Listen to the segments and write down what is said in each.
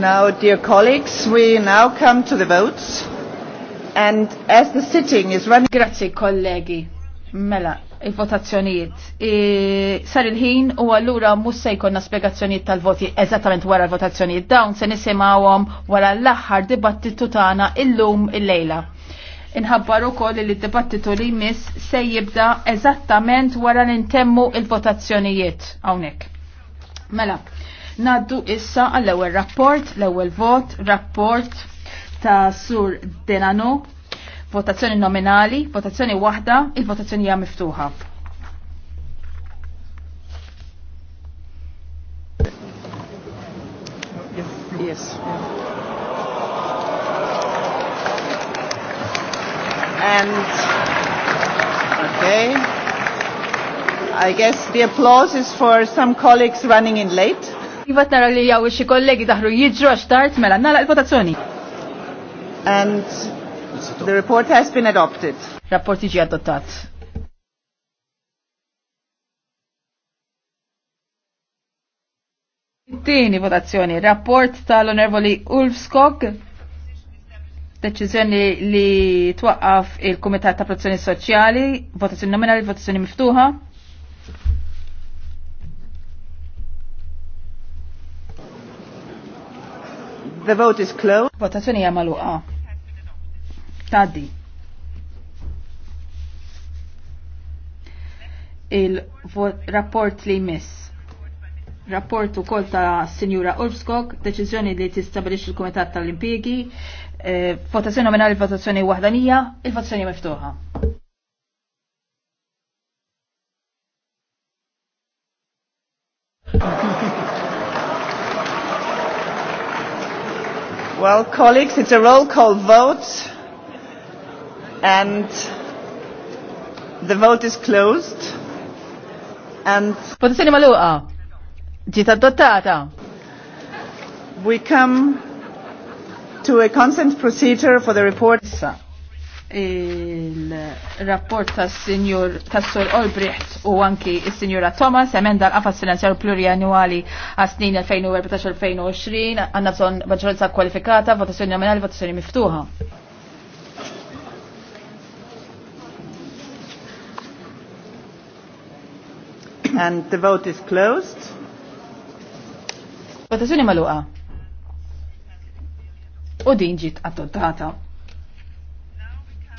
Now, dear colleagues, we now come to the votes. And as the sitting is running... Grazie, kollegi. Mela, il-votazzjonijiet. Sar il-ħin u għallura mussa jkonna spiegazzjonijiet tal-voti eżattament wara l-votazzjonijiet. Dawn se nisimawhom wara l-aħħar dibattitu tagħna illum il-lejla. Inħabbar ukoll li d-dibattitu li miss se jibda eżattament wara l-intemmu il-votazzjonijiet hawnhekk. Mela, Naddu issa għall-ewwel rapport, l-ewwel vot, rapport ta' Sur Denano, votazzjoni nominali, votazzjoni waħda, il-votazzjoni hija miftuħa. Yes. And okay. I guess the applause is for some colleagues running in late. Ivat nara li jaw xi kollegi daħru jiġru għax tard mela nala l-votazzjoni. And the report has been adopted. Rapport iġi adottat. Tini votazzjoni, rapport tal-onervoli Ulf Skog, deċiżjoni li twaqqaf il-Kumitat ta' Protezzjoni Soċjali, votazzjoni nominali, votazzjoni miftuħa. The vote is closed. Votazzjoni hija magħluqa. Tgħaddi. Il-rapport li miss. Rapport ukoll ta' Sinjura Ulfskog, deċiżjoni li tistabilixxi l-Kumitat tal-Impjiegi, eh, votazzjoni nominali, votazzjoni waħdanija, il-votazzjoni miftuħa. Well, colleagues, it's a roll call vote, and the vote is closed. And Votazzjoni maluqa. Ġiet adottata. We come to a consent procedure for the report il-rapport tas sinjur tas sur Olbricht u anki s sinjura Thomas emenda l-qafas finanzjar plurianuali għas snin 2014-2020 għanna son maġġoranza kwalifikata, votazzjoni nominali, votazzjoni miftuħa. And the vote is closed. Votazzjoni maluqa. U din ġiet adottata.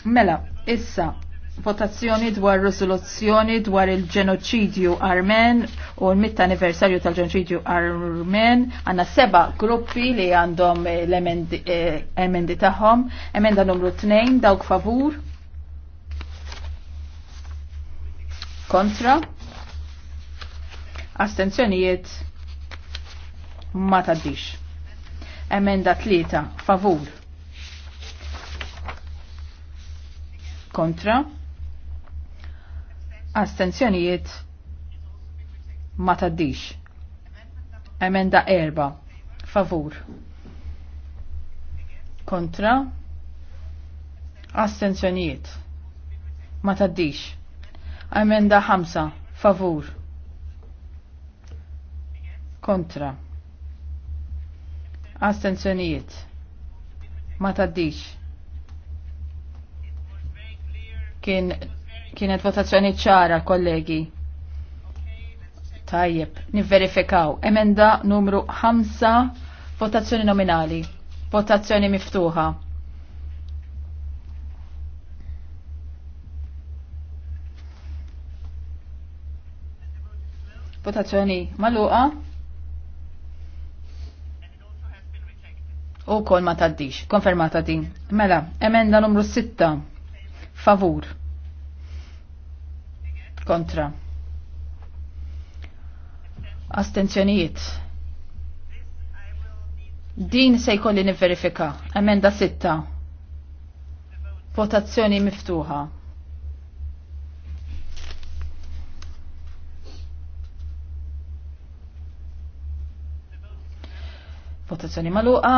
Mela, issa, votazzjoni dwar risoluzzjoni dwar il-ġenoċidju armen u l-mitt anniversarju tal-ġenoċidju armen għanna seba gruppi li għandhom eh, l-emendi eh, taħħom emenda numru 2 dawk favur kontra astenzjonijiet ma taddix emenda 3 favur kontra astenzjonijiet ma taddix emenda erba favur kontra astenzjonijiet ma taddix emenda ħamsa favur kontra astenzjonijiet ma taddix Kien kienet votazzjoni ċara, kollegi. Tajjeb, nivverifikaw. Emenda numru 5, votazzjoni nominali. Votazzjoni miftuħa. Votazzjoni maluqa. U kol ma taddix. Konfermata din. Mela, emenda numru 6. Favur. Kontra. Astenzjonijiet. Din se jkolli nifverifika. Emenda sitta. Votazzjoni miftuħa. Votazzjoni maluqa.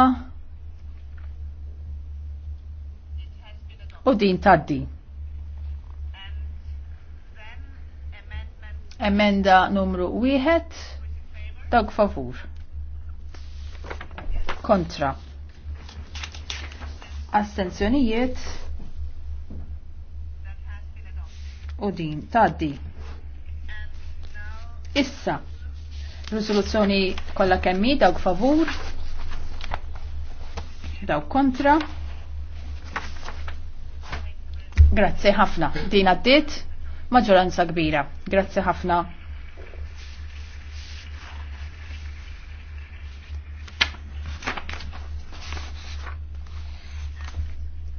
u din taddi. Emenda numru 1 dawk favur. Kontra. Astenzjonijiet u din taddi. Issa, risoluzzjoni kollha kemmi dawk favur, dawk kontra. Grazzi ħafna. Din għaddit maġġoranza kbira. Grazzi ħafna.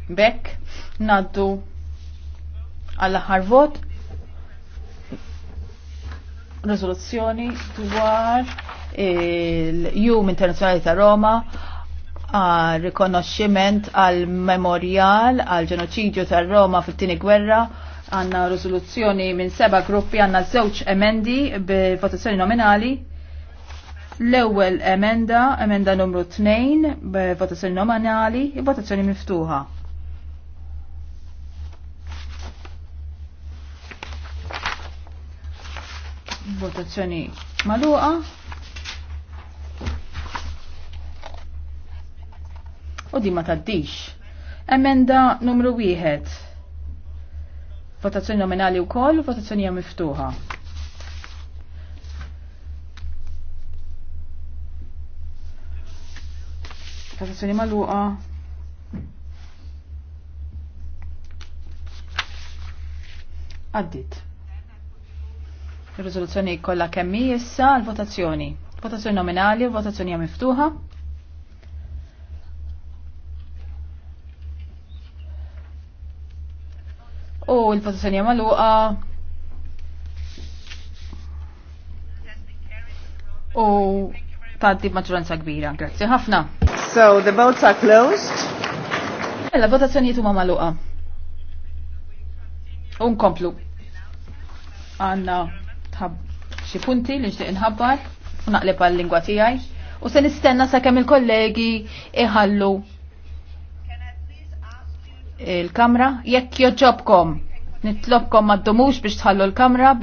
Bekk naddu għall-aħħar vot rezoluzzjoni dwar il-Jum Internazzjonali ta' Roma għal rikonoxximent għal memorial għal ġenoċidju tal-Roma fit-tieni gwerra għanna rizoluzzjoni minn seba gruppi għanna żewġ emendi b'votazzjoni nominali. L-ewwel emenda, emenda numru 2 b'votazzjoni nominali, votazzjoni miftuħa. Votazzjoni maluqa. u di ma taddix. Emenda numru 1. Votazzjoni nominali u koll, votazzjoni miftuħa. Votazzjoni maluqa. Għaddit. Il-rizoluzzjoni kollha kemmi issa l-votazzjoni. Votazzjoni nominali, u votazzjoni miftuħa. u l pozizjoni għamaluqa u taddi maġġoranza kbira. Grazzi ħafna. So the votes are closed. Mela votazzjoni huma maluqa. Unkomplu. Għanna tħab xi punti li nixtieq inħabbar u naqleb għal-lingwa tiegħi u se nistenna sakemm il-kollegi iħallu il-kamra, jekk joġobkom, nitlobkom maddumux biex tħallu l-kamra